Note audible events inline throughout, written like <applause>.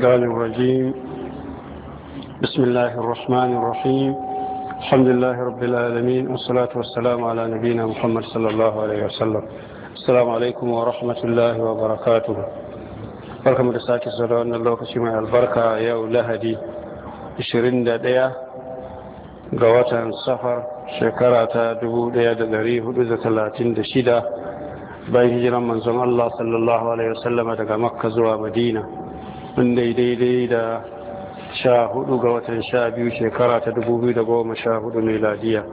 الرجيم بسم الله الرحمن الرحيم الحمد لله رب العالمين والصلاة والسلام على نبينا محمد صلى الله عليه وسلم السلام عليكم ورحمة الله وبركاته بركة مرساك الصلاة أن الله كشمع البركة يا لهدي شرين دادية قواتا سفر شكرتا دبو دياد دريه دوزة لاتين دشيدة بين هجرا منزل الله صلى الله عليه وسلم تقى مكة wanda daidai da sha hudu ga watan sha biyu shekara ta dubu biyu da goma sha hudu Ladiya.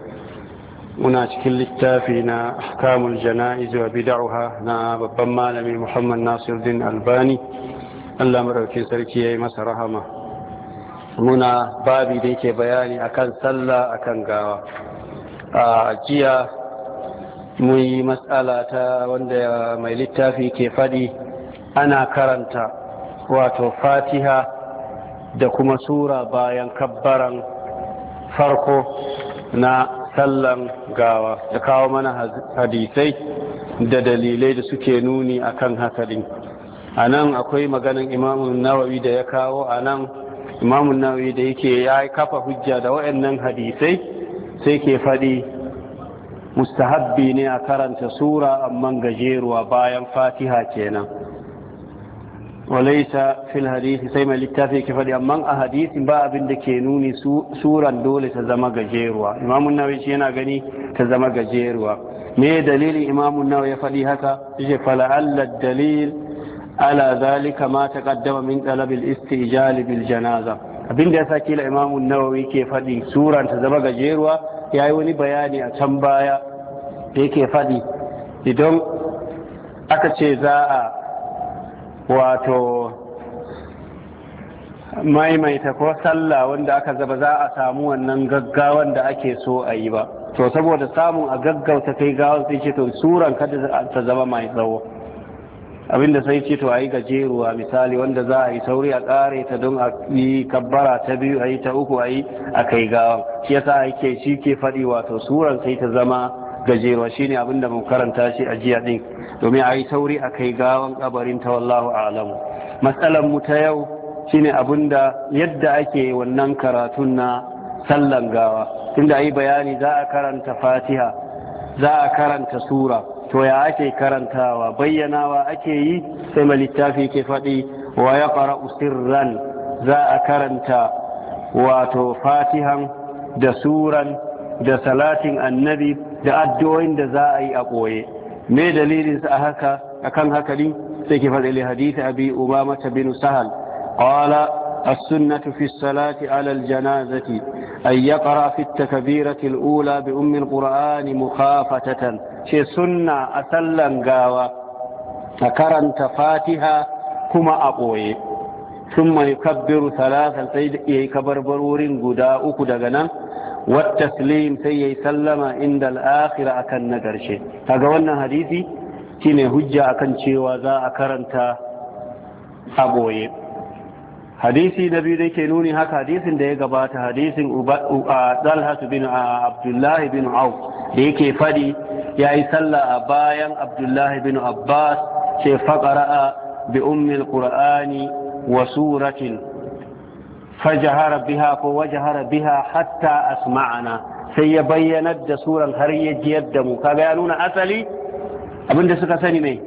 muna cikin littafi na kamun jana'izu wa bida'uha na babban malami muhammad din albani allah maɗaukin sarki ya yi masa rahama muna babi da yake bayani akan sallah akan gawa a jiya mun yi matsala ta wanda mai littafi ke faɗi ana karanta wato fatiha da kuma sura bayan kabbaran farko na sallan gawa da kawo mana hadisai da dalilai da suke nuni akan hakalin a nan akwai maganin imamun nawawi da ya kawo a nan imamun nawawi da yake ya kafa hujja da waɗannan hadisai sai ke faɗi mustahabbi ne a karanta sura amma gajeruwa bayan fatiha kenan walaisa fil hadisi sai mai littafi ke faɗi amma a hadisin ba abin da ke nuni suran dole ta zama gajeruwa imamun nawawi shi yana gani ta zama gajeruwa me dalilin imamun nawa ya faɗi haka yace fala'alla dalil ala zalika ma taqaddama min talabil istijali bil janaza abin da yasa kila imamun nawa ke faɗi suran ta zama gajeruwa yayi wani bayani a can baya da yake faɗi idan aka ce za a wato maimaita ko sallah wanda aka zaba za a samu wannan gaggawan da ake so a yi ba to saboda samun a gaggauta kai gawar sai ce to suran kada ta zama mai tsawo abinda sai ce to ayi yi gajeruwa misali wanda za a yi sauri a kare ta don a yi kabbara ta biyu a yi ta uku a yi a kai shi yasa ake shi ke faɗi wato suran sai ta zama gajewa shine abin da mun karanta shi a jiya din domin a yi sauri a kai gawan kabarin ta wallahu a'lamu matsalar mu ta yau shine abin da yadda ake wannan karatun na sallan gawa tunda yi bayani za a karanta fatiha za a karanta sura to ya ake karantawa bayyanawa ake yi sai ma littafi ke faɗi wa ya sirran za a karanta wato fatihan da suran da salatin annabi da addu'o'in da za a yi a ɓoye me dalilin sa haka akan hakali sai ke faɗi hadith abi umama ta bin sahal qala a sunnatu fi as-salati 'ala al-janazati ay yaqra fi at-takbirati al-ula bi ummi al-qur'ani mukhafatatan shi sunna gawa a karanta fatiha kuma a ɓoye sun mai kabbiru talatan sai da iya kabarbar guda uku daga nan wata filin sai ya sallama a inda la'akira akan na garshe wannan hadisi shine hujja akan cewa za'a karanta agoye hadisi na bi dai ke nuni haka hadisin da ya gabata hadisin u a salatu bin abdullahi bin aw ya ke faɗi yayi yi sallah a bayan abdullahi bin abbas ce fanka bi ummin kur'ani wa suratin. fajahara biha ko wajahara biha hatta asma'ana sai ya bayyanar suran har ya jiyar mu kaga ya nuna asali abinda suka sani mai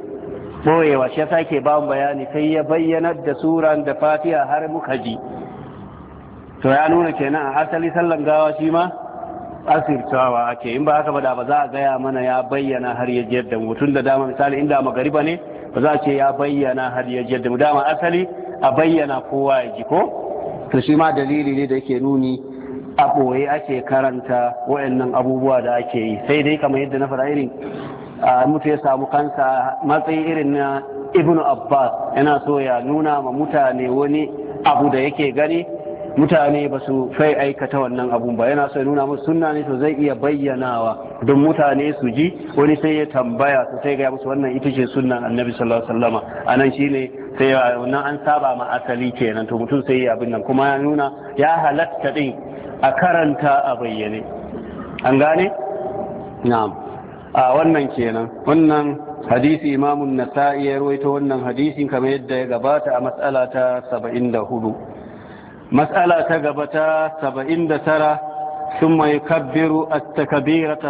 boyewa shi yasa ke ba bayani sai ya bayyanar da suran da fatiha har muka ji to ya nuna kenan a asali sallan gawa shi ma asirtawa ake in ba haka ba da ba za a gaya mana ya bayyana har ya jiyar mu tun da dama misali inda magariba ne ba za a ce ya bayyana har ya jiyar da mu asali a bayyana kowa ya ji ko to shi ma dalili ne da yake nuni a ɓoye ake karanta wa'annan abubuwa da ake yi sai dai kamar yadda na faɗa irin mutu ya samu kansa matsayi irin na ibnu abbas yana so ya nuna ma mutane wani abu da yake gani mutane ba su fai aikata wannan abun ba yana so ya nuna musu sunna ne to zai iya bayyanawa don mutane su ji wani sai ya tambaya su sai gaya musu wannan ita ce sunnan annabi sallallahu alaihi wasallama anan shine sai wannan an saba ma asali kenan to mutum sai ya abin nan kuma ya nuna ya halatta din a karanta a bayyane an gane na'am a wannan kenan wannan hadisi imamun nasa'i ya rawaito wannan hadisin kamar yadda ya gabata a mas'ala ta 74 mas'ala ta gaba ta 79 ثم يكبر التكبيرة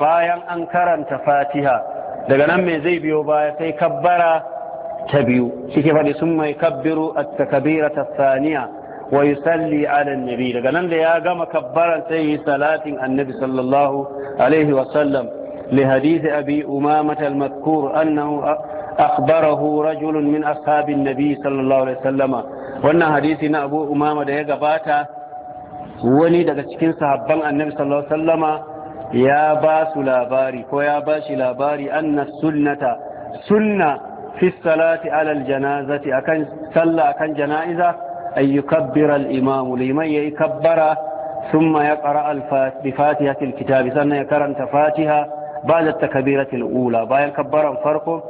bayan an karanta Fatiha, daga nan mai zai biyo baya sai kabbara ta biyu shi ke faɗi sun mai kabbiru a takabira ta saniya wa yi salli ala nabi daga nan da ya gama kabbaran sai yi salatin annabi sallallahu alaihi wasallam li hadisi abi umamata al-madkur annahu أخبره min من أصحاب nabi sallallahu alaihi عليه wannan hadisi na abu umama da ya gabata wani daga cikin sahabban annabi sallallahu alaihi wasallama ya ba su labari ko ya ba shi labari anna sunnata sunna في الصلاة على الجنازة أكن صلى أكن جنائزة أن يكبر الإمام لمن يكبر ثم يقرأ بفاتحة الكتاب ثم يكرم تفاتها بعد التكبيرة الأولى بعد الكبر فرق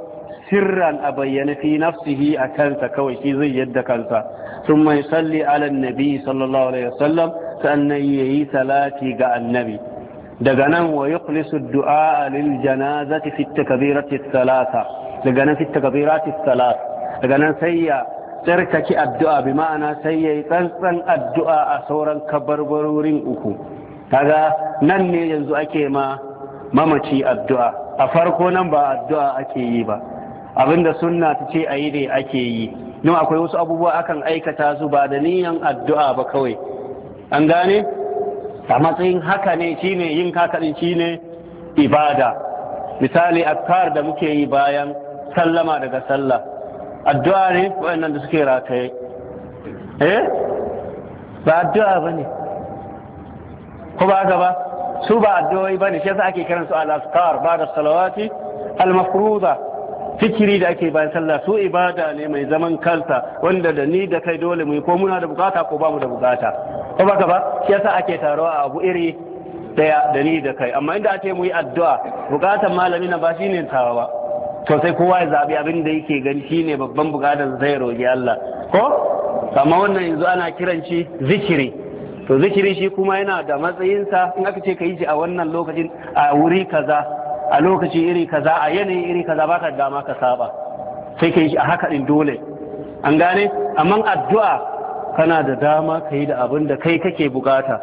سرا أبين في نفسه أكن تكوي في ذي يدك ثم يصلي على النبي صلى الله عليه وسلم فأن يهي صلاة النبي دغنا ويخلص الدعاء للجنازة في التكبيرة الثلاثة daga nan fit gabirati salat daga nan sai ya tsarkake addu'a bi ma'ana sai ya yi tsantsan addu'a a sauran kabarbarorin uku kaga nan ne yanzu ake ma mamaci addu'a a farko nan ba addu'a ake yi ba abinda sunna ta ce a yi ne ake yi don akwai wasu abubuwa akan aikata su ba da niyan addu'a ba kawai an gane a matsayin haka ne shi ne yin kakaɗin ne ibada misali akkar da muke yi bayan sallama daga sallah addu'a ne waɗannan da suke rataye eh ba addu'a ba ne ko ba haka ba su ba addu'o'i ba ne shi yasa ake kiransu al-azkar ba da salawati al-mafruza fikiri da ake bayan sallah su ibada ne mai zaman kansa wanda da ni da kai dole mu ko muna da bukata ko ba mu da bukata ko ba ba shi yasa ake taruwa a abu iri daya da ni da kai amma inda ake mu yi addu'a bukatan malami na ba shine tawa ba to sai kowa ya zaɓi abin da yake gani ne babban bukatar zai roge Allah ko amma wannan yanzu ana kiran shi zikiri to zikiri shi kuma yana da matsayinsa in aka ce ka yi shi a wannan lokacin a wuri kaza a lokaci iri kaza a yanayin iri kaza baka dama ka saba sai ka yi shi a haka din dole an gane amma addu'a kana da dama ka yi da abin da kai kake bukata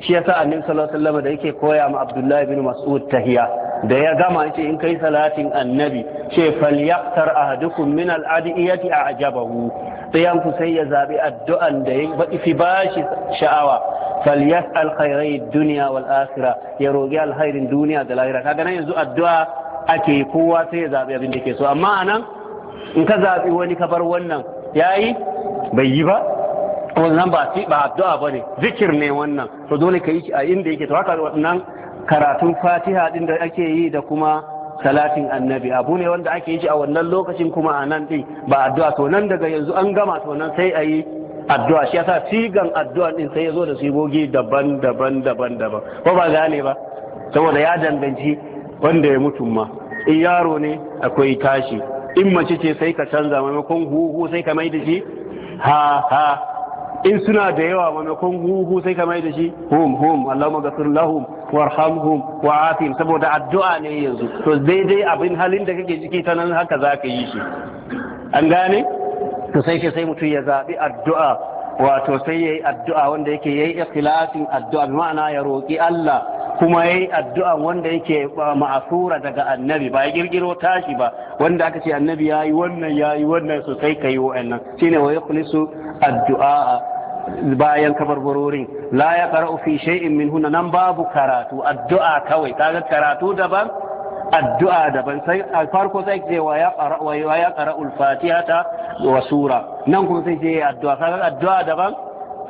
shi yasa annabi sallallahu alaihi wasallam da yake koya ma Abdullahi bin Mas'ud tahiya da ya gama ce in kai salatin annabi ce falyaktar ahadukum min al'adiyati a ajabahu ɗayan ku sai ya zaɓi addu'an da ya fi ba shi sha'awa falyas alkhairai duniya wal ya rogi alkhairin duniya da lahira kaga nan yanzu addu'a ake kowa sai ya zaɓi abin da ke so amma anan in ka zaɓi wani ka bar wannan yayi bai yi ba wannan ba ba addu'a bane zikir ne wannan to dole ka yi a inda yake to haka wannan karatun fatiha din da ake yi da kuma salatin annabi abu ne wanda ake yi shi a wannan lokacin kuma a nan din ba addu'a to nan daga yanzu an gama to nan sai a yi addu'a shi yasa sigan addu'a din sai ya zo da sigogi daban daban daban daban ko ba gane ba saboda ya danganci wanda ya mutu ma in yaro ne akwai tashi in mace ce sai ka canza maimakon huhu sai ka mai da shi ha ha in suna da yawa maimakon huhu sai ka mai da shi hum hum allahumma ghafir lahum warhamhum wa afihim saboda addu'a ne yanzu to daidai abin halin da kake ciki ta nan haka zaka yi shi an gane to sai ke sai mutum ya zaɓi addu'a wato sai ya addu'a wanda yake yayi yi ikhlasin addu'a bi ma'ana ya roki Allah kuma yayi yi addu'a wanda yake ma'asura daga annabi ba ya girgiro tashi ba wanda aka ce annabi ya yi wannan ya yi wannan sosai ka yi wa'annan shine wa ya addu'a bayan kabarbarorin la ya qara'u fi shay'in min huna nan babu karatu addu'a kawai kaga karatu daban addu'a daban sai farko sai ce wa ya qara wa ya qara'u al-fatihata wa sura nan kuma sai ce addu'a kaga addu'a daban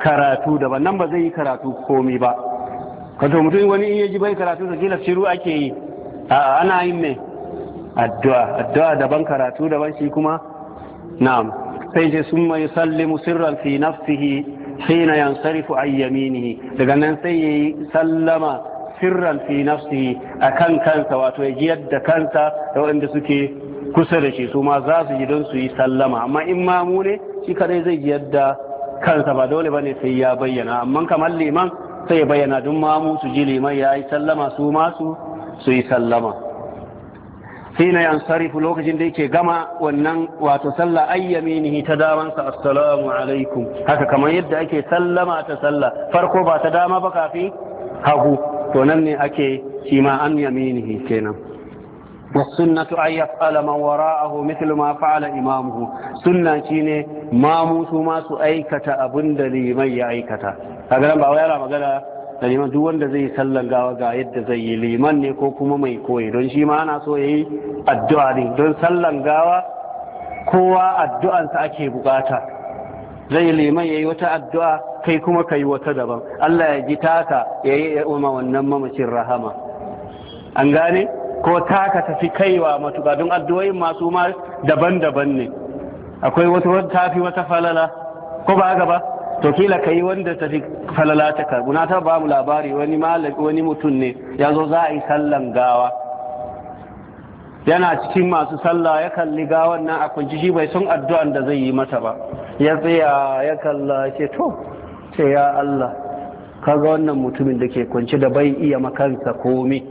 karatu daban nan ba zai yi karatu komai ba kato mutum wani in yaji bai karatu sa kila shiru ake yi a ana yin me addu'a addu'a daban karatu daban shi kuma na'am sai ce summa yusallimu sirran fi nafsihi Sai hina yansarifu an yaminihi daga nan sai yayi sallama sirran fi a kan kansa wato ya ji yadda kansa da wanda suke kusa da shi su ma za su ji don su yi sallama amma in mamu ne shi kaɗai zai ji yadda kansa ba dole ne sai ya bayyana amma kamar liman sai ya bayyana duk mamu su ji liman ya yi sallama su ma su yi sallama hina yansarifu lokacin da yake gama wannan wato sallah ayyaminihi ta damansa assalamu alaikum haka kamar yadda ake sallama ta sallah farko ba ta dama ba kafi hagu to nan ne ake shi ma an yaminihi kenan والسنة أن يفعل من وراءه مثل ما فعل إمامه سنة شيني ما موسو aikata سو أيكة أبند aikata يأيكة هذا لما أولا da neman duk wanda zai sallan gawa ga yadda zai yi liman ne ko kuma mai koyi don shi ma ana so yayi addu'a ne don sallan gawa kowa addu'ansa ake bukata zai yi liman yayi wata addu'a kai kuma kai wata daban Allah ya ji taka yayi yi umma wannan mamacin rahama an gane ko taka ta fi kaiwa matuƙa don addu'o'in masu ma daban-daban ne akwai wata tafi wata falala ko ba gaba to kila ka yi wanda ta fi falala ta karbu na ta ba mu labari wani wani mutum ne ya zo za a yi sallan gawa yana cikin masu sallah ya kalli gawan nan a kunci shi bai sun addu'an da zai yi mata ba ya tsaya ya kalla ce to ce ya Allah ka ga wannan mutumin da ke kunci da bai iya makansa komi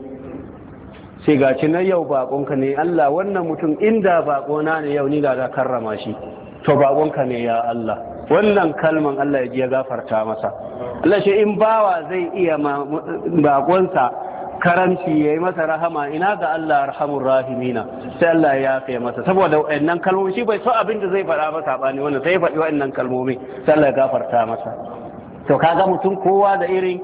sai ga ci na yau bakonka ne Allah wannan mutum inda bakona ne yau ni da karrama shi to bakonka ne ya Allah wannan kalman Allah ya ji ya gafarta masa Allah shi in bawa zai iya bakonsa karanci ya yi masa rahama ina ga Allah rahamun rahimina sai Allah ya yafe masa saboda wa'annan kalmomi shi bai so abin da zai faɗa ba ne wannan sai ya faɗi wa'annan kalmomi sai Allah ya gafarta masa to kaga mutum kowa da irin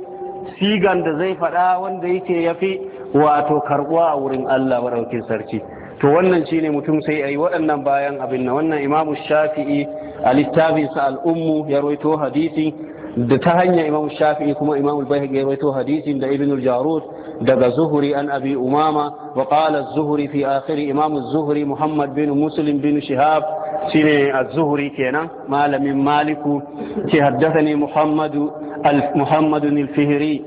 sigan da zai faɗa wanda yake yafi wato karɓuwa a wurin Allah maɗaukin sarki to wannan shine mutum sai ayi waɗannan bayan abin nan wannan imamu shafi'i a littafinsa al'ummu ya roito hadisi da ta hanyar imam shafi'i kuma imam al-bayhaqi ya roito hadisin da ibn al-jarud daga zuhuri an abi umama wa qala az-zuhri fi akhir imam az-zuhri muhammad bin muslim bin shihab shine az-zuhri kenan malamin maliku ce haddathani muhammad al-muhammad al-fihri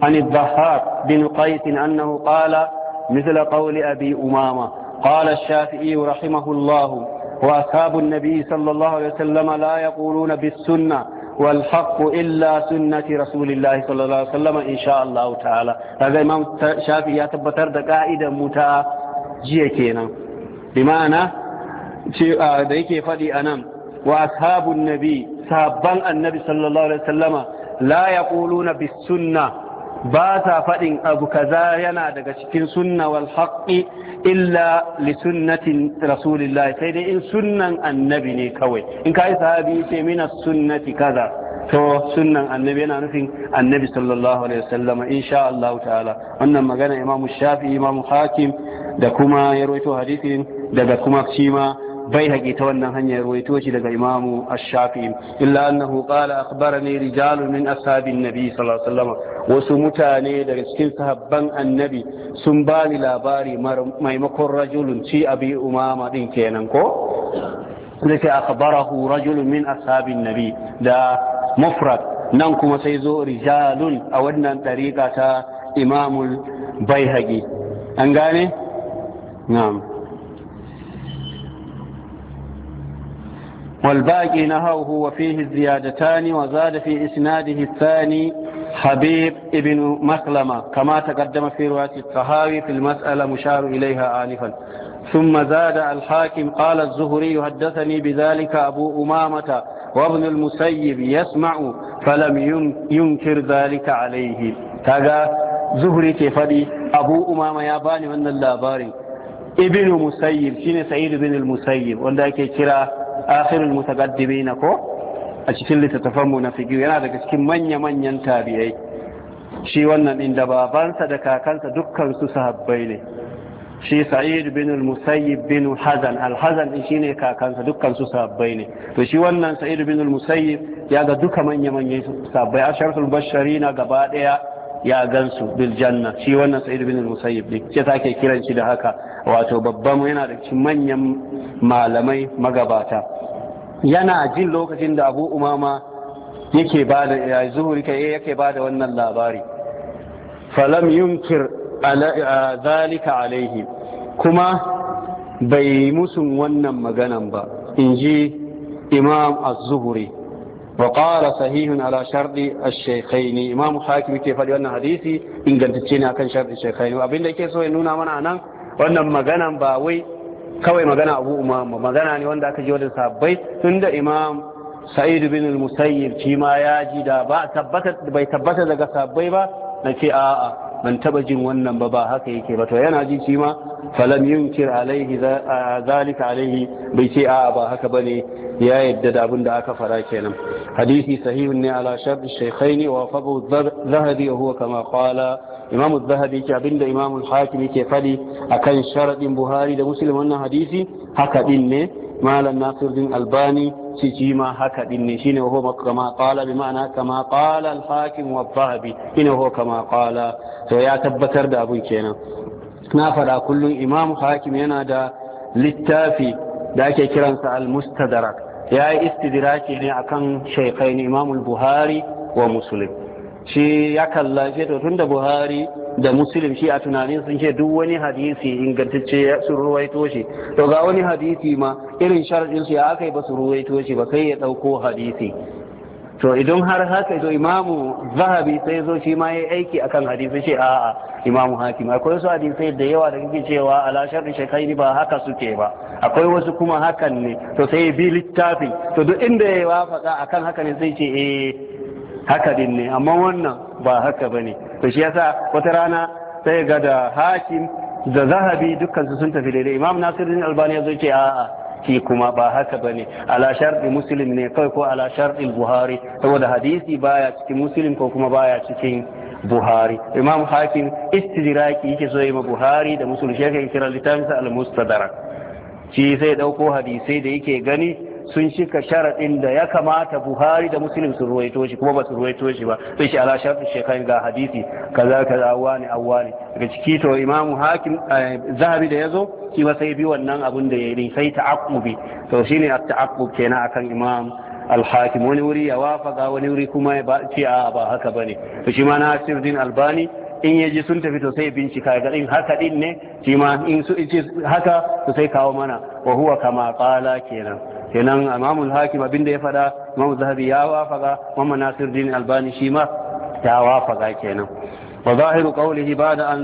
an al-dhahhak bin qais annahu qala مثل قول أبي أمامة قال الشافعي رحمه الله وأصحاب النبي صلى الله عليه وسلم لا يقولون بالسنة والحق إلا سنة رسول الله صلى الله عليه وسلم إن شاء الله تعالى هذا إمام شافعي يتبتر دقائد متى جيكينا بمعنى ديك فدي أنام وأصحاب النبي صحابا النبي صلى الله عليه وسلم لا يقولون بالسنة ba sa faɗin abu kaza yana daga cikin sunna wal haqqi illa li sunnatin rasulillah sai dai in sunnan annabi ne kawai in kai sahabi ce mina sunnati kaza to sunnan annabi yana nufin annabi sallallahu alaihi wasallam insha Allah ta'ala wannan magana imamu shafi imamu hakim da kuma ya rawaito hadisin daga kuma shi ma bai haƙi ta wannan hanyar ruwaito shi daga imamu ashafi illa annahu qala ne rijalun min ashabin nabi sallallahu wasu mutane daga cikin sahabban annabi sun ba ni labari maimakon rajulun ci abi umama din kenan ko zai akhbarahu rajulun min ashabin nabi da mufrad nan kuma sai zo rijalun a wannan dariƙa ta imamul bai an gane na'am والباقي نهوه وفيه الزيادتان وزاد في إسناده الثاني حبيب ابن مخلمة كما تقدم في رواية الطهاوي في المسألة مشار إليها آنفا ثم زاد الحاكم قال الزهري حدثني بذلك أبو أمامة وابن المسيب يسمع فلم ينكر ذلك عليه كذا زهري كفدي أبو أمامة ياباني من اللاباري ابن مسيب شين سعيد بن المسيب وانده كي كرا akhirul mutaqaddimin ko a cikin littattafan mu na fiqh yana daga cikin manya manyan tabi'ai shi wannan din babansa da kakansa dukkan su sahabbai ne shi sa'id bin al-musayyib bin hazan al-hazan shine kakansa dukkan su sahabbai ne to shi wannan sa'id bin al-musayyib ya ga duka manya manyan sahabbai asharul basharina gaba daya ya gansu bil janna shi wannan sa'id bin musayyib ne ke sake kiran shi da haka wato babban yana da cikin manyan malamai magabata yana jin lokacin da abu umama yake ba da ya zuhuri kai eh, yake ba da wannan labari falam yunkir zalika alaihi kuma bai musun wannan maganan ba in ji imam az-zuhuri وقال صحيح على شرط الشيخين امام حاكم ke faɗi wannan hadisi ingantacce ne akan sharɗin Abin da yake so ya nuna mana nan. wannan maganan ba wai kawai magana Abu Umama magana ne wanda aka ji wajen sabbai tunda imam Sa'idu bin al-Musayyib ya ji da ba tabbata bai tabbata daga sabbai ba nace a'a ban taba jin wannan ba ba haka yake ba to yana ji shi ma falam yunkir alaihi zalika alaihi bai ce a'a ba haka bane ya yadda da abin da aka fara kenan hadisi sahihun ne ala sharri shaykhaini wa faqu zahabi huwa kama qala imam zahabi ke abinda imamu hakim ke fadi akan sharadin buhari da muslim wannan hadisi haka din ne malam nasiruddin albani shi shi ma haka din ne shine huwa kama qala bi ma'ana kama qala al hakim wa zahabi shine huwa kama qala to ya tabbatar da abun kenan na fada kullun imamu hakim yana da littafi da ake kiransa al-mustadrak ya yi istidraki ne akan ne imamul buhari wa musulun shi ya kalla shi to da buhari da musulun shi a tunanin sun ce duk wani hadisi ingantacce su ruwaito shi to ga wani hadisi ma irin sharadin ya aka yi ba su ruwaito shi ba kai ya dauko hadisi to idan har haka to imamu zahabi sai zo shi ma yayi aiki akan hadisi a a'a imamu hakim akwai wasu hadisai da yawa da kake cewa ala sharri shaykhai ba haka suke ba akwai wasu kuma hakan ne to sai bi littafi to duk inda ya wafaka akan haka ne sai ce eh haka din ne amma wannan ba haka bane to shi yasa wata rana sai ga da hakim da zahabi dukkan su sun tafi daidai imam nasiruddin albani ya zo ce a'a shi kuma ba haka ba ne ala sharɗi musulun ne kawai ko ala sharɗin buhari saboda hadisi baya cikin muslim ko kuma baya cikin buhari imam hakim istidraki yake so yi ma buhari da muslim shi yake kira littafin al mustadrak shi sai dauko hadisai da yake gani sun shika sharaɗin da ya kamata buhari da muslim su ruwaito shi kuma ba su ruwaito shi ba sai shi ala shartu shekai ga hadisi kaza kaza awani awani daga ciki to imam hakim eh, zahabi da yazo shi ma sai bi wannan abun da yayi sai ta'aqqubi to shine at-ta'aqqub kenan akan imam al-hakim wani wuri ya wafaka wani wuri kuma ya ce a ba haka bane to shi ma Nasiruddin Albani in yaji sun tafi to sai bincika ga din haka din ne shi ma in su haka to sai kawo mana wa huwa kama qala kenan kenan imamul hakim abinda ya fada imamul zahabi ya wafaka mamman din albani shi ma ya wafaka kenan wa zahiru qawlihi ba'da an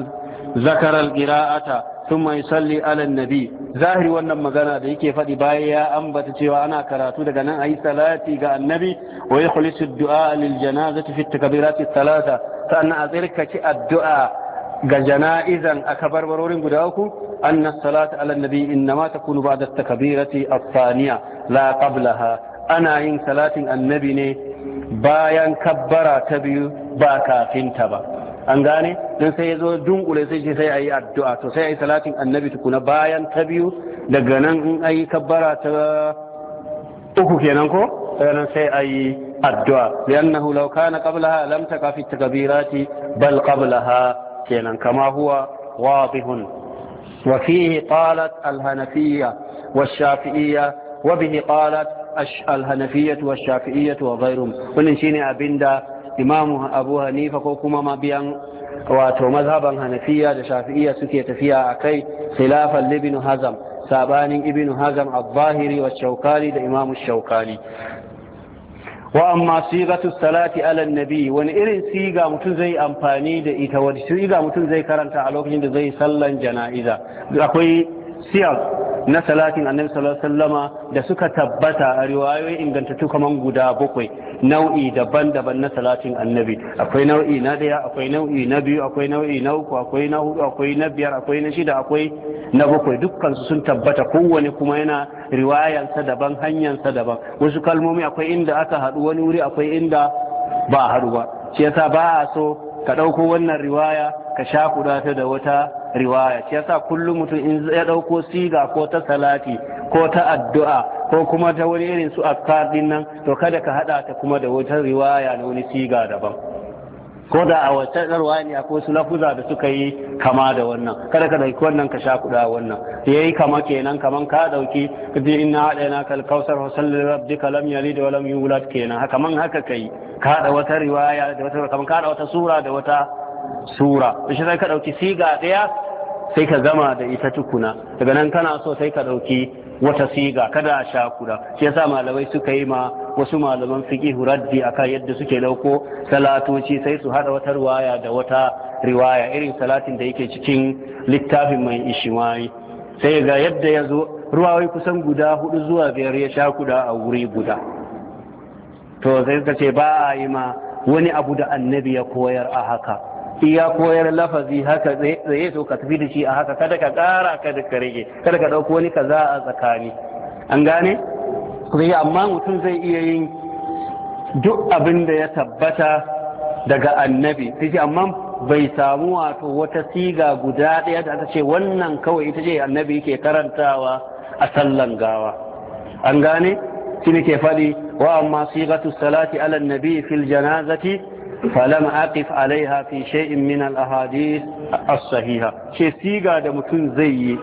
zakara alqira'ata thumma yusalli ala nabi zahiri wannan magana da yake faɗi bayan ya ambata cewa ana karatu daga nan ayi salati ga annabi wa yukhlisu ad-du'a lil janazati fi at-takbirati thalatha sannan a tsirkaci addu'a ga jana'izan a kabarbarorin guda uku anna salatu ala nabi innama takunu ba'da takbirati athaniya la qablaha ana yin salatin annabi ne bayan kabbara ta biyu ba kafin ta ba an gane don sai ya zo dunkule sai ce sai a yi addu'a to sai a yi salatin annabi tukuna bayan ta biyu daga nan in a kabbara ta uku kenan ko sannan sai ayi addu'a li'annahu law kana qablaha lam taqa fi takbirati bal qablaha كينا كما هو واضح وفيه قالت الهنفية والشافعية وبه wa الهنفية والشافعية وغيرهم wannan shine abinda imamu Abu Hanifa ko kuma mabiyan wato mazhaban Hanafiya da Shafi'iyya suke tafiya akai khilafan Ibn hazam sabanin Ibn hazam al-Zahiri wa Shawkani da Imam Shawkani wa amma sigatu salati ala nabi wani irin siga mutum zai amfani da ita wani siga mutum zai karanta a lokacin da zai sallan jana'iza akwai siyas. na salatin annabi sallallahu alaihi da suka tabbata a riwayoyi ingantattu kaman guda bakwai nau'i daban-daban na salatin annabi akwai nau'i na daya akwai nau'i na biyu akwai nau'i na uku akwai na hudu akwai na biyar akwai na shida akwai na bakwai dukkan su sun tabbata kowane kuma yana riwayansa daban hanyansa daban wasu kalmomi akwai inda aka haɗu wani wuri akwai inda ba haɗu ba shi yasa ba a so ka ɗauko wannan riwaya ka kuda ta da wata riwaya shi yasa kullum mutum in ya dauko siga ko ta salati ko ta addu'a ko kuma ta wani irin su afkar din nan to kada ka haɗa ta kuma da wata riwaya na wani siga daban ko da a wata riwaya ne akwai su lafuza da suka yi kama da wannan kada ka dauki wannan ka sha kuda wannan ya yi kama kenan kaman ka ɗauki bi inna haɗa na kalkausar wasallin rabbi lam yalid da lam yulad kenan haka man haka kai ka haɗa wata riwaya da wata kaman ka haɗa wata sura da wata sura shi sai ka ɗauki siga ɗaya sai ka gama da ita tukuna daga nan kana so sai ka ɗauki wata siga kada a sha kuda shi yasa malamai suka yi ma wasu malaman fiqh raddi akan yadda suke dauko salatoci sai su hada wata riwaya da wata riwaya irin salatin da yake cikin littafin mai ishimai sai ga yadda ya zo ruwawai kusan guda hudu zuwa biyar ya sha kuda a wuri guda to sai ka ce ba a yi ma wani abu da annabi ya koyar a haka shi ya koyar lafazi haka zai so ka tafi da shi a haka kada ka ƙara kada ka rage kada ka ɗauko wani kaza a tsakani an gane zai amma mutum zai iya yin duk abin da ya tabbata daga annabi sai amma bai samu wato wata siga guda ɗaya da aka ce wannan kawai ita ce annabi yake karantawa a sallan gawa an gane shi ne ke faɗi wa amma sigatu salati ala nabi fil janazati falam aqif alaiha fi shay'in min al ahadith as-sahiha ce siga da mutum zai yi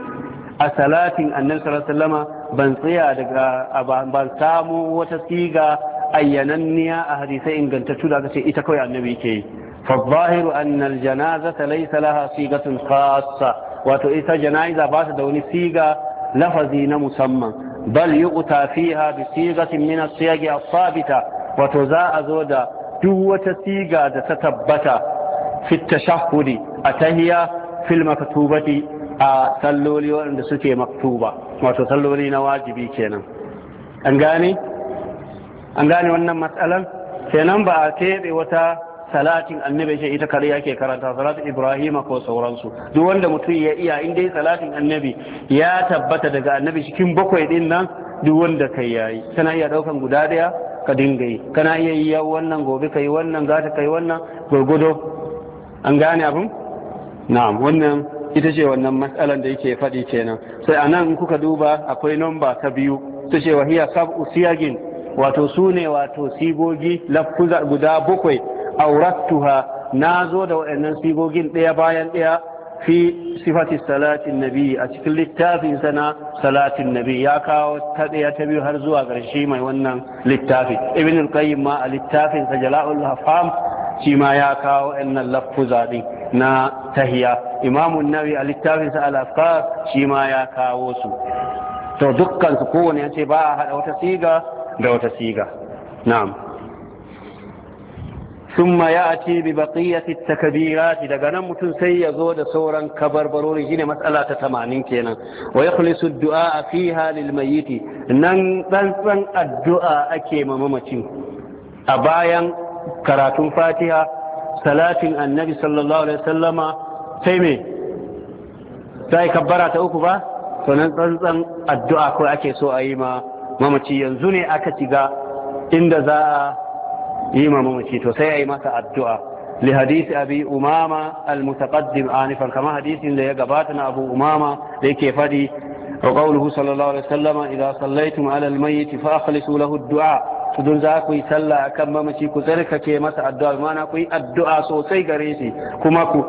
a salatin annabi sallallahu ban tsaya daga ban samu wata siga ayyananniya a hadisai ingantattu da aka ce ita kawai annabi yake yi فالظاهر أن الجنازة ليس لها صيغة خاصة وتؤتى جنائزة بعد دون صيغة لفظين مسمى بل يؤتى فيها بصيغة Wato za a zo da. duk wata siga da ta tabbata fitta tashahhudi a tahiya fil maktubati a salloli waɗanda suke maktuba wato salloli na wajibi kenan an gane an gane wannan matsalan kenan ba a keɓe wata salatin annabi shi ita kare yake karanta salatin ibrahima ko sauransu duk wanda mutum ya iya in dai salatin annabi ya tabbata daga annabi cikin bakwai din nan duk wanda kai yayi tana iya daukan guda daya ka dinga yi kana iya yi ya wannan gobe ka yi wannan gata ka yi wannan gurgudo an gane abin na'am wannan ita ce wannan matsalan da yake faɗi kenan sai a nan kuka duba akwai nomba ta biyu ta ce wahiya sab'u usiyagin wato su ne wato sigogi lafuza guda bakwai auratuha na zo da waɗannan sigogin ɗaya bayan ɗaya fi sifati salatin nabi a cikin littafin sana salatin nabi ya kawo taɗaya ta biyu har zuwa ƙarshe mai wannan littafin ibn al-qayyim ma a littafin sa jala'ul hafam shi ma ya kawo ɗannan laffuza ɗin na tahiya imamun nawi a littafin sa al-afkar shi ma ya kawo su to dukkan su kowane ya ce ba a haɗa wata siga da wata siga na'am summa ya'ti bi baqiyati at-takbirat daga nan mutum sai ya zo da sauran kabarbarori shine matsala ta tamanin kenan wa yakhlisu ad-du'a fiha lil mayyit nan tsantsan addu'a ake ma mamacin a bayan karatun Fatiha salatin annabi sallallahu alaihi wasallama sai me sai kabbara ta uku ba to nan tsantsan addu'a ko ake so a yi ma mamaci yanzu ne aka shiga inda za a yi ma mamaci to sai ya yi masa addu'a li hadisi abi umama al-mutaqaddim anifan kama hadisin da ya gabata na abu umama da yake fadi wa qawluhu sallallahu alaihi wasallam idza sallaytum ala al-mayyit fa akhlisu lahu ad-du'a don za ku yi sallah akan mamaci ku tsarkake masa addu'a mana ku yi addu'a sosai gare shi kuma ku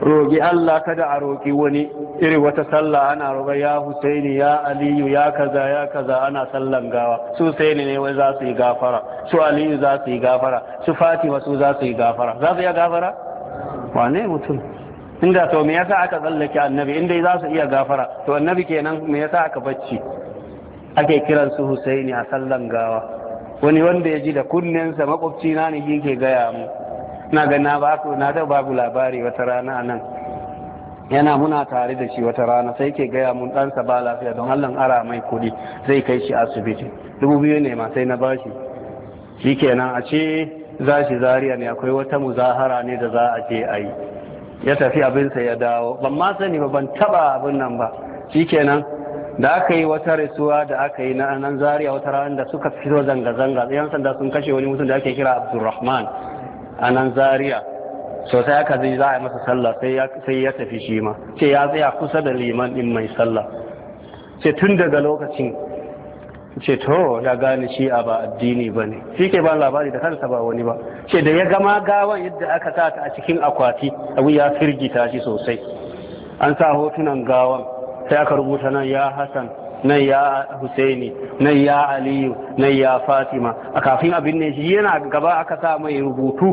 roƙi Allah kada a roƙi wani iri wata sallah ana roƙa ya Husaini ya Aliyu ya kaza ya kaza ana sallan gawa su Husaini ne wai za su yi gafara su Aliyu za su yi gafara su Fatima su za su yi gafara za su iya gafara wane mutum inda to me yasa aka tsallake annabi inda za su iya gafara to annabi kenan me yasa aka bacci ake kiran su Husaini a sallan gawa wani wanda ya ji da kunnensa makwabci na ne yake gaya mu na ga na baku na da babu labari wata rana a nan yana muna tare da shi wata rana sai ke gaya mun ɗansa ba lafiya don allon ara mai kuɗi zai kai shi asibiti dubu biyu ne ma sai na bashi shi kenan a ce za shi zariya ne akwai wata muzahara ne da za a je a yi ya tafi abinsa ya dawo ban ma sani ba ban taba abin nan ba nan, da aka yi wata rasuwa da aka yi na nan zariya wata rana da suka fito zanga-zanga yan sanda sun kashe wani mutum da ake kira abdulrahman a nan zaria sosai aka zai za a masa sallah sai ya tafi shi ma ce ya tsaya kusa da liman din mai sallah ce tun daga lokacin ce to ya gane shi a ba addini ba ne shi ke ba labari da kansa ba wani ba ce da ya gama gawan yadda aka sa ta a cikin akwati abu ya firgita shi sosai an sa hotunan gawan sai aka rubuta nan ya hasan nan ya husaini nan ya aliyu nan ya fatima a kafin abin ne shi yana gaba aka sa mai rubutu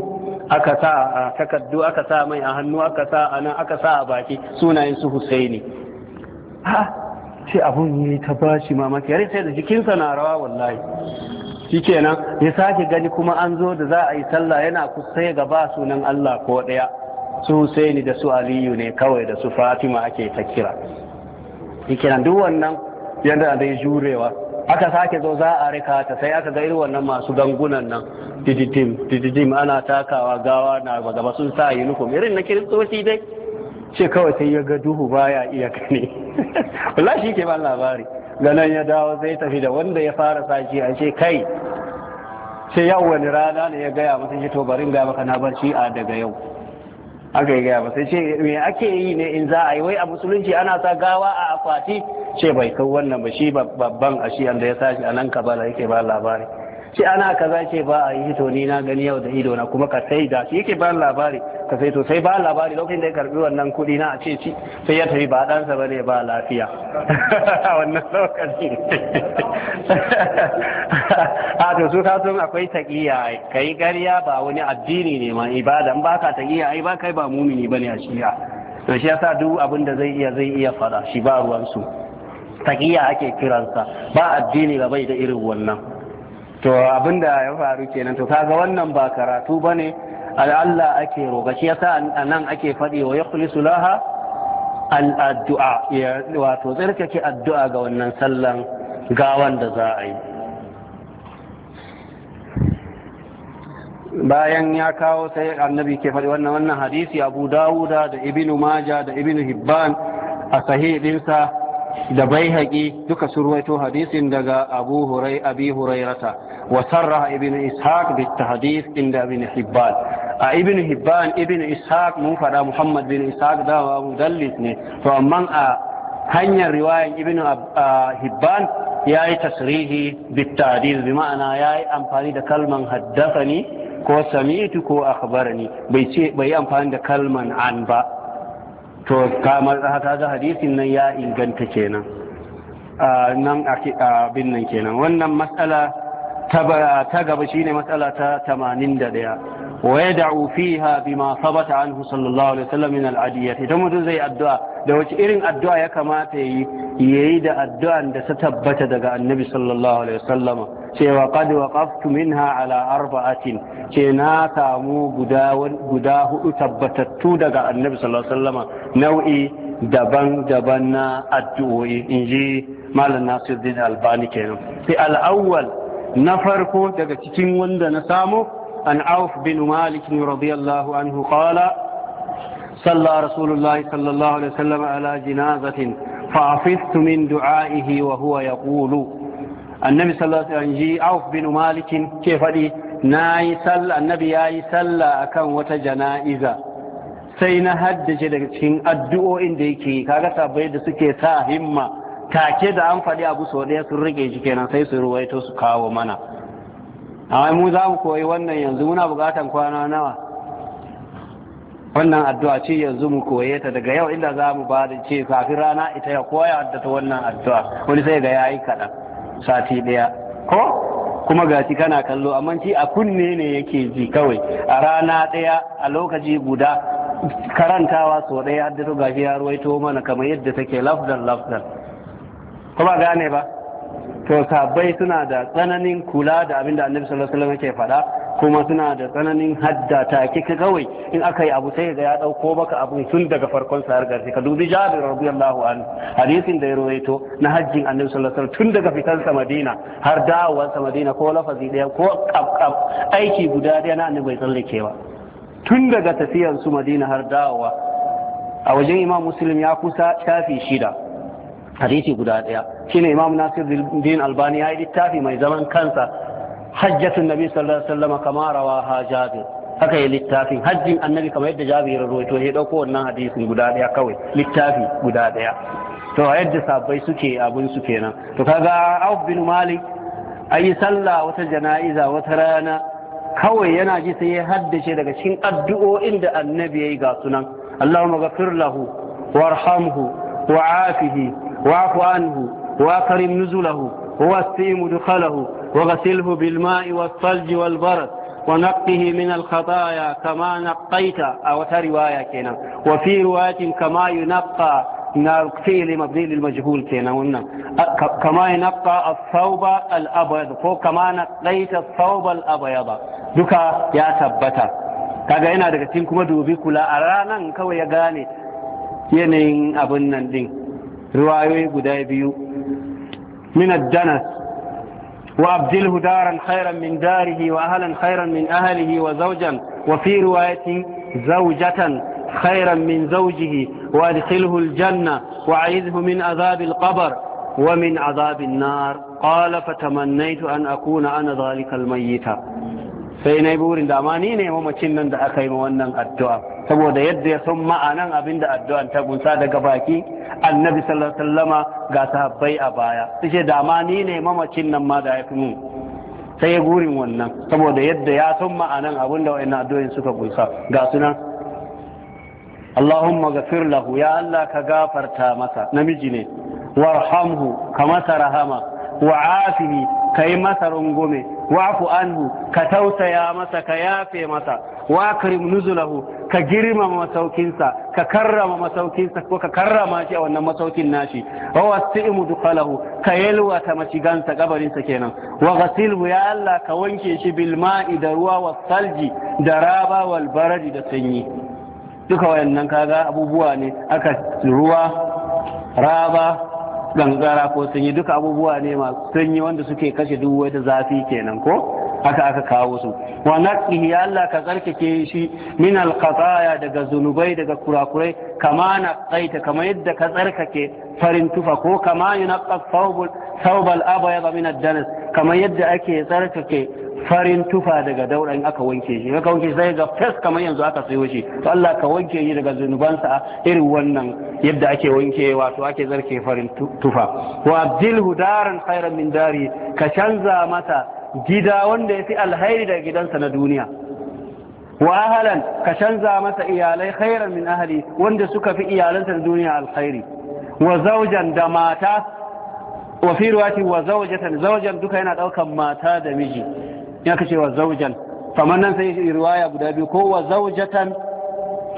aka sa a takaddu aka sa mai a hannu aka sa a nan aka sa a baki sunayen su husaini ha sai abun ne ta bashi mamaki yare sai da jikinsa na rawa wallahi shikenan ya sake gani kuma an zo da za a yi sallah yana kusa ga ba sunan Allah ko daya su Husaini da su Aliyu ne kawai da su Fatima ake ta kira shikenan duk wannan yana da jurewa aka sake zo za a rika ta sai aka ga irin wannan masu gangunan nan dididim dididim ana takawa gawa na gaba sun sa uniform irin na kiristoci dai ce kawai sai ya ga duhu baya iya kane <laughs> wallahi shi ke ban labari ganan ya dawo zai tafi da wanda ya fara sashi a ce kai sai yau wani rana ne ya gaya masa shi to barin ga maka na bar shi'a daga yau aka yi gaya ba sai ce me ake yi ne in za a yi wai a musulunci ana sa gawa a akwati ce bai kai wannan ba shi babban a shi da ya sa a nan kabala yake ba labari ce ana kaza ce ba a yi hito ni na gani yau da ido na kuma ka sai da shi yake ba labari ka sai to sai ba labari lokacin da ya karbi wannan kuɗi na a ce ci sai ya tafi ba ɗansa ba ne ba lafiya a <laughs> wannan lokaci <laughs> a to su ka sun akwai taƙiya kai gariya ba wani addini ne ma ibada in ba ka taƙiya ai ba kai ba mumini ba ne a shiya to shi yasa duk abin da zai iya zai iya fada shi ba ruwansu taƙiya ake kiransa ba addini ba bai da irin wannan to abinda ya faru kenan to kaga wannan ba karatu bane Allah ake roga shi yasa a nan ake faɗi wa yakhlisu laha ya wato tsarkake addu'a ga wannan sallan gawan da za a yi bayan ya kawo sai annabi ke faɗi wannan wannan hadisi abu dawuda da ibnu maja da ibnu hibban a sahihinsa da baihaqi duka su hadisin daga abu hurai abi hurairata wa sarraha ibn ishaq bi tahdith inda ibn hibban a ibn hibban ibn ishaq mun fada muhammad bin ishaq da wa mudallis ne to amma a hanyar riwayan ibn hibban yayi tasrihi bi tahdith bi ma'ana yayi amfani da kalman haddathani ko sami'tu ko akhbarani bai ce bai amfani da kalman an ba to kamar haka ga hadisin nan ya inganta kenan nan abin nan kenan wannan matsala ta gaba shine matsala ta 81 waye فيها بما ثبت عنه صلى الله عليه وسلم من العدية idan mutum zai addu'a da wace irin addu'a ya kamata yi yayi da addu'an da ta tabbata daga annabi sallallahu alaihi wasallama cewa qad waqaftu minha ala arba'atin ce na samu guda guda hudu tabbatattu daga annabi sallallahu alaihi wasallama nau'i daban-daban na addu'o'i inji malam Nasiruddin Albani kenan sai al-awwal na farko daga cikin wanda na samu عن عوف بن مالك رضي الله عنه قال صلى رسول الله صلى الله عليه وسلم على جنازة فعفظت من دعائه وهو يقول النبي صلى الله عليه وسلم عوف بن مالك كيف دي ناي سل النبي ياي سل أكن وتجنائزة sai na haddace daga cikin addu'o'in da yake kaga sabai da suke sa himma take da an faɗi abu sau ɗaya sun rike shi kenan sai su ruwaito su kawo mana amma mu za mu koyi wannan yanzu muna bukatan kwana nawa wannan addu'a ce yanzu mu koye ta daga yau inda za mu ba ce kafin rana ita ya koya da ta wannan addu'a wani sai ga yayi kaɗan sati ɗaya ko kuma shi kana kallo amma shi a kunne ne yake ji kawai a rana ɗaya a lokaci guda karantawa so ɗaya har da gashi ya ruwaito mana kamar yadda take lafdan lafdan kuma gane ba to sabai suna da tsananin kula da abin da annabi sallallahu alaihi wasallam yake faɗa kuma suna da tsananin hadda ta kika kawai in aka yi abu sai ga ya dauko baka abin tun daga farkon sa har ƙarshe ka dubi Jabir radiyallahu anhu hadisin da ya rawaito na hajjin annabi sallallahu alaihi wasallam tun daga fitan sa Madina har dawowar sa Madina ko lafazi daya ko kaf aiki guda daya na annabi bai tsallake ba tun daga tafiyar su Madina har dawowa a wajen Imam Muslim ya kusa shafi shida hadisi guda daya shine imam nasir din albani ya yi littafi mai zaman kansa hajjatun nabi sallallahu alaihi wasallam kama rawa jabir haka yi littafin hajjin annabi kamar yadda jabir rawaito ya dauko wannan hadisin guda daya kawai littafi guda daya to a yadda sabbai suke abin su kenan to kaga auf bin malik ayi sallah wata jana'iza wata rana kawai yana ji sai ya haddace daga cikin addu'o'in da annabi yayi ga sunan Allahumma ghafir lahu warhamhu wa'afihi واعف عنه وأكرم نزله واستئم دخله وغسله بالماء والثلج والبرد ونقه من الخطايا كما نقيت أو رواية كنا وفي رواية كما ينقى نقفيه لمبني للمجهول كنا قلنا كما ينقى الثوب الأبيض كما نقيت الثوب الأبيض duka ya tabbata kaga yana daga cikin kuma dubi kula a ranan kawai ya gane yanayin abin nan din riwayoyi guda biyu min ad wa abdilhu daran khairan min darihi wa ahlan khairan min ahlihi wa zawjan wa fi riwayatin zawjatan khairan min zawjihi wa adkhilhu al-janna wa a'idhu min adhab al-qabr ومن عذاب النار قال فتمنيت أن أكون أنا ذلك الميت sai na yi burin da ma ni ne mamacin nan da aka yi ma wannan addu'a saboda yadda ya san ma'anan abin da addu'an ta gunsa daga baki annabi sallallahu alaihi wasallama ga sahabbai a baya sai da ma ni ne mamacin nan ma da ya fi mun sai ya gurin wannan saboda yadda ya san ma'anan abin da wa'annan addu'o'in suka gunsa ga sunan Allahumma ghafir lahu ya Allah ka gafarta masa namiji ne warhamhu ka masa rahama wa'afini kai masa rungume wa'fu anhu ka tausaya masa ka yafe masa wa krim nuzulahu ka girmama masaukinsa ka karrama masaukinsa ko ka karrama shi a wannan masaukin nashi wa wasi'mu dukhalahu ka yalwata mashigansa kabarinsa kenan wa ghasilhu ya Allah ka wanke shi bil ma'i da ruwa wa salji da raba wal baradi da sanyi duka wayannan kaga abubuwa ne aka ruwa raba gangara ko sanyi duka abubuwa ne masu sanyi wanda suke kashe duk wata zafi kenan ko haka aka kawo su wa naqihi Allah ka tsarkake shi min alqataya daga zunubai daga kurakurai kama na naqaita kama yadda ka tsarkake farin tufa ko kama yunaqqa thawbul thawbal abyad min ad-danas kama yadda ake tsarkake farin tufa daga daura in aka wanke shi ka wanke sai ga fes kamar yanzu aka sayo shi to Allah ka wanke shi daga zunubansa irin wannan yadda ake wanke wato ake zarke farin tufa wa abdilhu daran khairan min dari ka canza mata gida wanda yafi alhairi da gidansa na duniya wa ahalan ka canza masa iyalai khairan min ahli wanda suka fi iyalansa na duniya alkhairi wa zawjan da mata wa fi ruwati wa zawjatan zawjan duka yana daukan mata da miji ya aka ce wa zaujan faman nan sai riwaya guda biyu ko wa zaujatan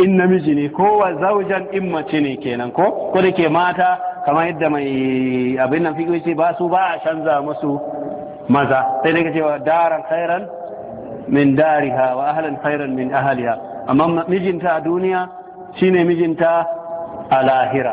in namiji ne ko wa zaujan in mace ne kenan ko ko da ke mata kamar yadda mai abin nan fiƙo ce ba su ba a canza musu maza sai da ce wa daran khairan min dariha wa ahlan khairan min ahliha amma mijinta a duniya shine mijinta a lahira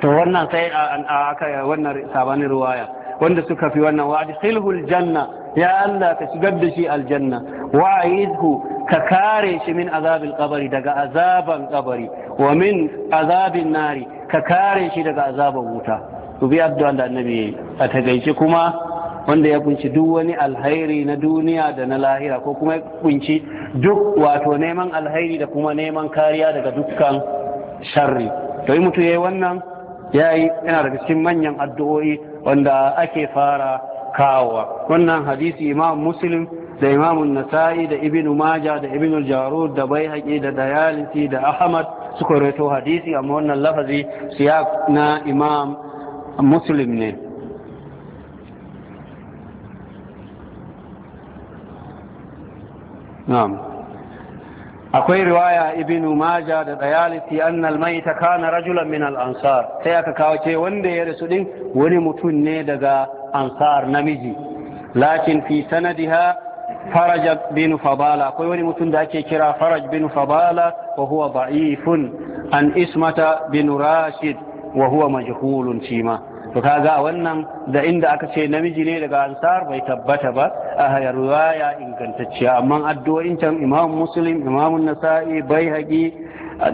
to wannan sai a wannan sabanin ruwaya, wanda suka fi wannan wa'adi silhul janna ya Allah ka shigar da shi aljanna wa aizhu ka kare shi min azabil qabri daga azaban qabri wa min azabin nari ka kare shi daga azaban wuta to bi addu'a da annabi a tagaice kuma wanda ya kunci duk wani alhairi na duniya da na lahira ko kuma ya kunci duk wato neman alhairi da kuma neman kariya daga dukkan sharri to yi mutu yayi wannan yayi yana daga cikin manyan addu'o'i wanda ake fara kawowa wannan hadisi imam muslim da imam nasa'i da ibn maja da ibn jarud da baihaqi da dayalisi da ahmad suka rawaito hadisi amma wannan lafazi siyak na imam muslim ne na'am akwai riwaya ibnu maja da dayalisi annal ta kana rajulan min al-ansar sai aka kawo ce wanda ya rasu din wani mutum ne daga ansar namiji lakin fi sanadiha faraj bin fadala akwai wani mutum da ake kira faraj bin fadala wa huwa da'ifun an ismata bin rashid wa huwa majhulun shima to kaga wannan da inda aka ce namiji ne daga ansar bai tabbata ba a hayar waya ingantacciya amma addu'o'in can imam muslim imam nasa'i baihaqi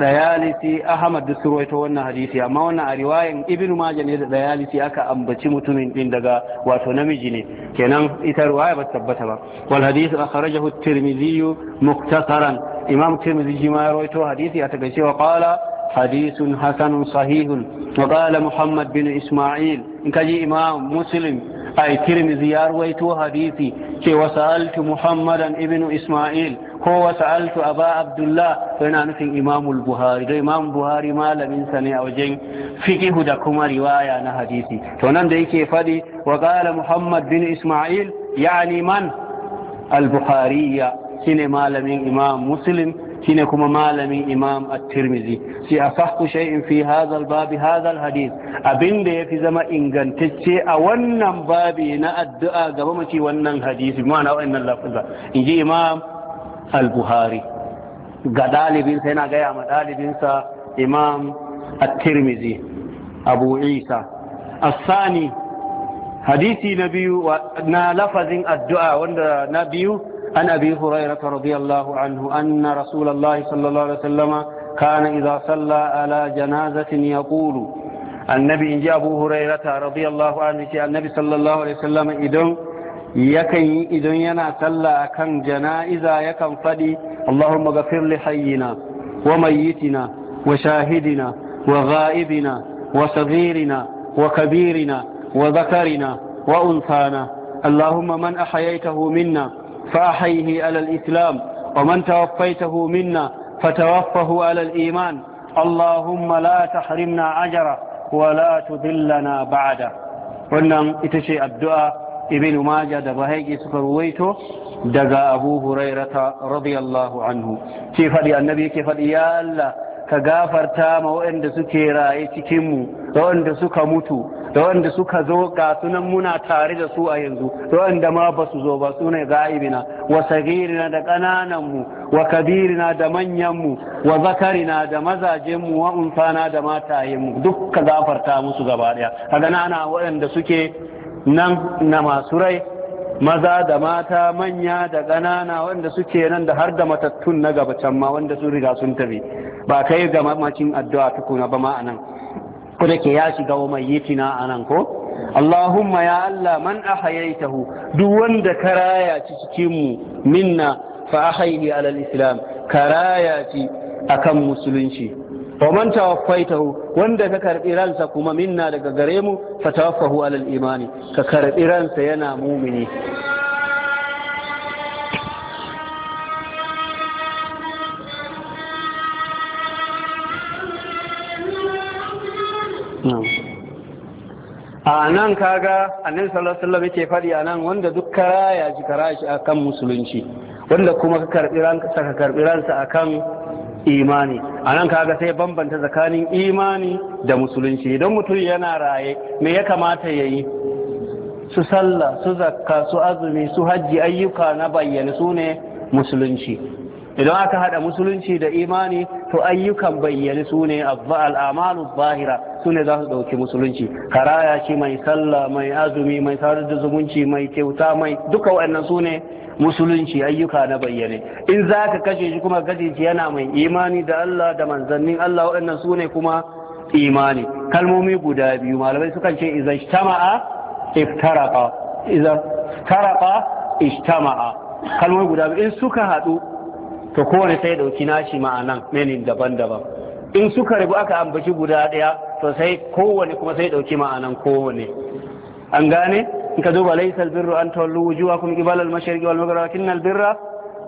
dayalisi ahmad da surwaito wannan hadisi amma wannan a riwayan ibnu majah ne da dayalisi aka ambaci mutumin din daga wato namiji ne kenan ita riwaya ba tabbata ba wal hadith akhrajahu at-tirmidhi muktasaran imam tirmidhi ma ya rawaito hadisi a takaice wa qala حديث حسن صحيح وقال محمد بن إسماعيل إن كجي إمام مسلم أي ترمذي يرويتو حديثي كي وسألت محمدا ابن إسماعيل ko wa sa'altu aba abdullah to yana nufin imam buhari da imam buhari malamin sa ne a wajen fikihu da kuma riwaya na hadisi to nan da yake faɗi wa muhammad bin isma'il yani man al shine malamin imam muslim shine kuma malamin imam at-tirmidhi sai asahhu shay'in fi hadha al-babi hadha al-hadith abinda yafi zama ingantacce a wannan babi na addu'a gaba mace wannan hadisi ma'ana wannan lafza inji imam al-buhari ga dalibinsa yana gaya ma sa imam at-tirmidhi abu isa Sani, hadisi na biyu na lafazin addu'a wanda na biyu عن أبي هريرة رضي الله عنه أن رسول الله صلى الله عليه وسلم كان إذا صلى على جنازة يقول النبي إن جاء أبو هريرة رضي الله عنه النبي صلى الله عليه وسلم إذن يكن إذن ينا صلى كان جنائزة يكن فدي اللهم غفر لحينا وميتنا وشاهدنا وغائبنا وصغيرنا وكبيرنا وذكرنا وأنثانا اللهم من أحييته منا فأحيه على الإسلام ومن توفيته منا فتوفه على الإيمان اللهم لا تحرمنا أجره ولا تذلنا بعده wannan ita ce addu'a ibn maja da bahaiki suka ruwaito daga abu hurairata radiyallahu anhu ce faɗi annabi yake faɗi ya Allah ka gafarta ma waɗanda suke raye cikinmu da waɗanda suka mutu da wanda suka zo ga sunan muna tare da su a yanzu da wanda ma ba su zo ba su ne ga'ibina wa sagirina da ƙanananmu wa kabirina da manyanmu wa zakarina da mazajenmu wa unfana da matayenmu duk ka gafarta musu gaba ɗaya kaga nana waɗanda suke nan na masu rai maza da mata manya da ƙanana wanda suke nan da har da matattun na gaba can ma wanda sun riga sun tafi ba kai ga mamacin addu'a tukuna ba ma'anan ko da ke ya shiga wa mayyitina a nan ko Allahumma ya Allah man ahayaitahu duk wanda ka raya ci cikin mu minna fa ahayni alal islam ka raya ci akan musulunci wa man tawaffaitahu wanda ka karbi ransa kuma minna daga gare mu fa tawaffahu alal imani ka karbi ransa yana mumini a nan kaga annabi sallallahu alaihi wasallam yake faɗi a nan wanda duk ya ji karaya shi akan musulunci wanda kuma ka karbi ranka ka karbi ransa akan imani a nan kaga sai bambanta tsakanin imani da musulunci idan mutum yana raye me ya kamata ya yi su salla su zakka su azumi su hajji ayyuka na bayyana sune musulunci idan aka haɗa musulunci da imani to ayyukan bayyane su ne al'amalu zahira su ne za su ɗauki musulunci karaya shi mai sallah mai azumi mai sadar da zumunci mai kyauta mai duka waɗannan su ne musulunci ayyuka na bayyane in za ka kashe shi kuma kashe shi yana mai imani da Allah da manzannin Allah waɗannan su ne kuma imani kalmomi guda biyu malamai sukan ce idan ijtama'a iftaraqa idan taraqa ijtama'a kalmomi guda biyu in suka haɗu to kowane sai dauki nashi ma'anan menin daban-daban in suka rabu aka ambaci guda daya to sai kowane kuma sai dauki ma'anan kowane an gane in ka duba laysa albirru an tawallu wujuhakum qibala al-mashriqi wal maghrib innal birra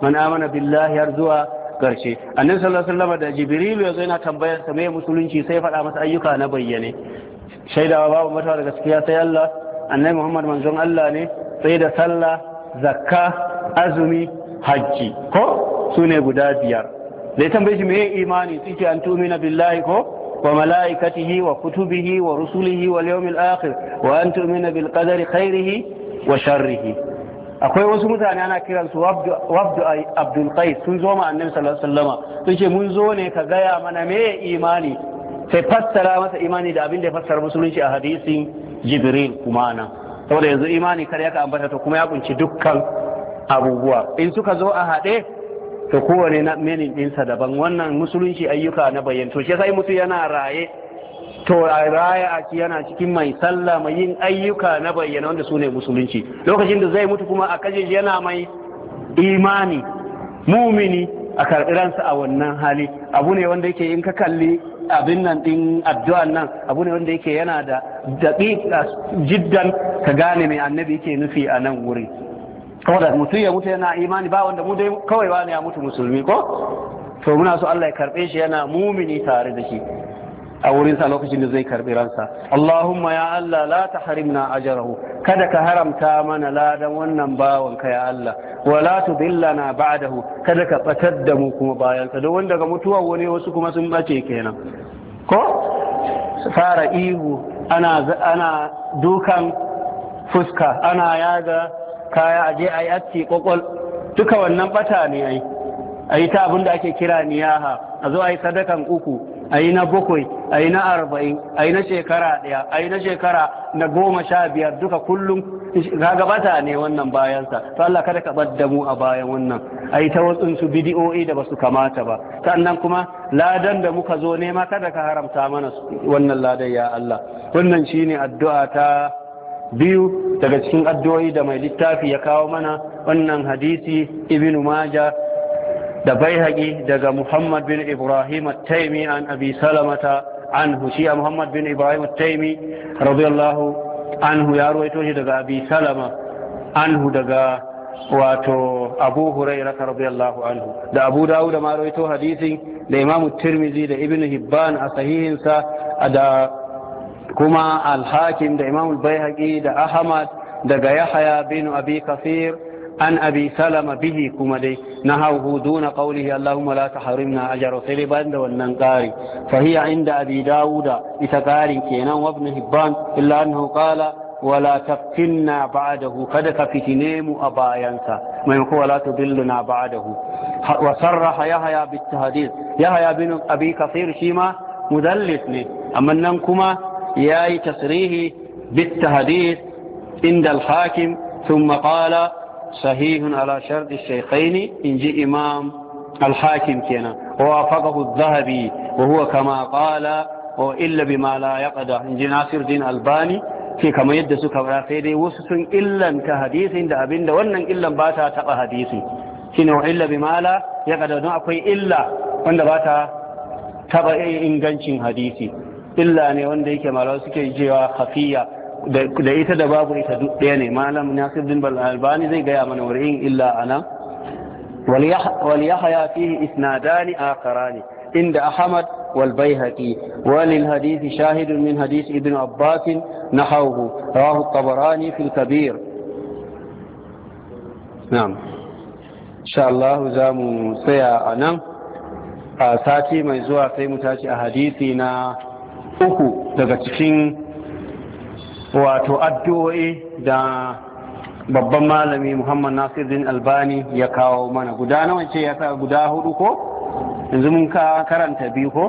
man amana billahi zuwa karshe annabi sallallahu alaihi wasallam da jibril yazo yana tambayar sa me musulunci sai faɗa masa ayyuka na bayyane shaidawa babu mata da gaskiya sai Allah annabi Muhammad manzon Allah ne sai da sallah zakka azumi hajji ko sune guda biyar zai tambaye shi meye imani su ce an tumina billahi ko wa malaikatihi wa kutubihi wa rusulihi wa yawmil akhir wa an tumina bil qadari khairihi wa sharrihi akwai wasu mutane ana kiran su wabdu abdul qais sun zo ma annabi sallallahu alaihi wasallama sun ce mun zo ne ka gaya mana meye imani sai fassara masa imani da abin da ya fassara musulunci a hadisin jibril kuma nan saboda yanzu imani kar ya ka ambata to kuma ya kunci dukkan abubuwa in suka zo a haɗe to kowane na menin ɗinsa daban wannan musulunci ayyuka na bayan to shi sai mutu yana raye to a raye a yana cikin mai sallah mai yin ayyuka na bayyana wanda su ne musulunci lokacin da zai mutu kuma a kaje shi yana mai imani mumini a karɓi a wannan hali abu ne wanda yake in ka kalli abin nan ɗin addu'an nan abu ne wanda yake yana da daɗi jiddan ka gane mai annabi yake nufi a nan wuri kawai mutum ya mutu yana imani ba wanda mu dai kawai wani ya mutu musulmi ko to muna so Allah ya karbe shi yana mumini tare da shi a wurinsa lokacin da zai karbi ransa Allahumma ya Allah la tahrimna ajrahu kada ka haramta mana ladan wannan bawan ka ya Allah wala tudillana ba'dahu kada ka batar da mu kuma bayan sa don daga mutuwa wani wasu kuma sun bace kenan ko fara ihu ana ana dukan fuska ana yaga kaya a je a yi aski kwakwal duka wannan bata ne ai a yi ta abin da ake kira niyaha a zo a yi sadakan uku a yi na bakwai a yi na arba'in a yi na shekara ɗaya a yi na shekara na goma sha biyar duka kullum kaga bata ne wannan bayansa to Allah kada ka bar mu a bayan wannan a yi ta wasu su bidiyoyi da basu kamata ba sannan kuma ladan da muka zo nema kada ka haramta mana wannan ladan ya Allah wannan shine addu'a ta biyu daga cikin addu'o'i da mai littafi ya kawo mana wannan hadisi ibnu maja da baihaqi daga muhammad bin ibrahim at-taimi an abi salamata anhu shi muhammad bin ibrahim at-taimi radiyallahu anhu ya ruwaito shi daga abi salama anhu daga wato abu huraira radiyallahu anhu da abu dawud ma ruwaito hadisin da imamu tirmizi da ibnu hibban a sahihinsa da kuma al-hakim da imam al da ahmad daga yahya bin abi kafir an abi salama bihi kuma dai na hauhu duna qaulihi allahumma la tahrimna ajra sai dai da wannan qari fa hiya inda abi dauda ita qarin kenan wa ibn hibban illa annahu qala wala taftinna ba'dahu kada ka fitine mu a bayansa maimako wala tudilluna ba'dahu wa sarraha yahya bit tahdid yahya bin abi kafir shi ma mudallis ne amma nan kuma yayi tasrihi bitahdith inda al-hakim thumma qala sahihun ala shart ash-shaykhayn inji imam al-hakim kana wafaqahu adh-dhahabi wa kama qala wa illa bima la yaqda inji nasir din albani bani yadda suka fara sai dai wasu sun illan ta hadisin da abinda wannan illan ba ta taba hadisi shine illa bima la yaqda don akwai illa wanda ba ta taba ingancin hadisi illa ne wanda yake malawa suke cewa khafiya da ita da babu ita duk ɗaya ne malam nasiruddin albani zai gaya mana wurin illa anan وليحيى فيه إسنادان آخران عند أحمد والبيهقي وللحديث شاهد من حديث ابن عباس نحوه رواه الطبراني في الكبير نعم إن شاء الله زام سيا أنا ساتي ما يزوى في متاتي أحاديثنا uku daga cikin wato addu'o'i da babban malami muhammad nasiruddin albani ya kawo mana guda nawa ce ya sa guda hudu ko yanzu mun ka karanta biyu ko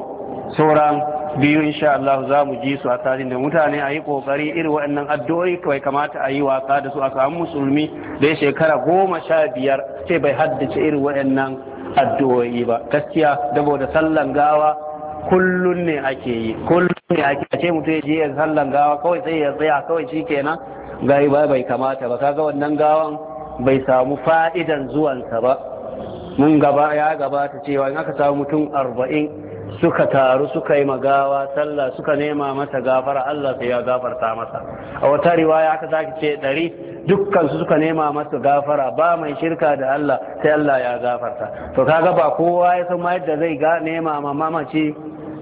sauran biyu insha Allah za mu ji su a tarihin da mutane a yi kokari irin waɗannan addu'o'i kawai kamata a yi wasa da su a samu musulmi da ya shekara goma sha biyar sai bai haddace irin waɗannan addu'o'i ba gaskiya saboda sallan gawa kullun ne ake yi kullun ne ake ce mutum ya je ya sallan gawa kawai sai ya tsaya kawai shi kenan gai ba bai kamata ba kaga wannan gawan bai samu fa'idan zuwansa ba mun gaba ya gabata cewa in aka samu mutum arba'in suka taru suka yi magawa sallah suka nema mata gafara Allah sai ya gafarta masa a wata riwaya aka zaki ce ɗari dukkan suka nema masa gafara ba mai shirka da Allah sai Allah ya gafarta to kaga ba kowa ya san ma yadda zai ga nema ma mamaci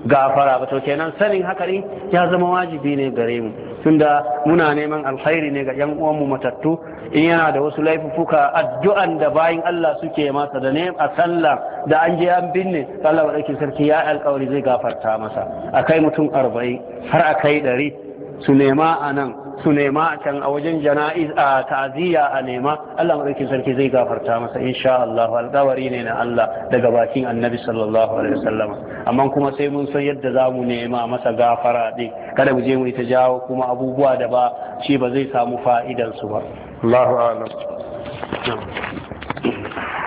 gafara ba to kenan sanin haka ya zama wajibi ne gare mu tunda muna neman alkhairi ne ga yan uwanmu matattu in yana da wasu laifuka addu'an da bayin Allah suke masa da ne a sallah da an je an binne Allah wadaki sarki ya alkawari zai gafarta masa akai mutum arba'in har akai ɗari su nema a nan su nema a can a wajen jana'iz a ta'aziyya a nema Allah madaukin sarki zai gafarta masa insha Allah alƙawari ne na Allah daga bakin Annabi sallallahu alaihi wasallam amma kuma sai mun san yadda zamu nema masa gafara din kada mu je mu ita jawo kuma abubuwa da ba shi ba zai samu fa'idan su ba Allahu a'lam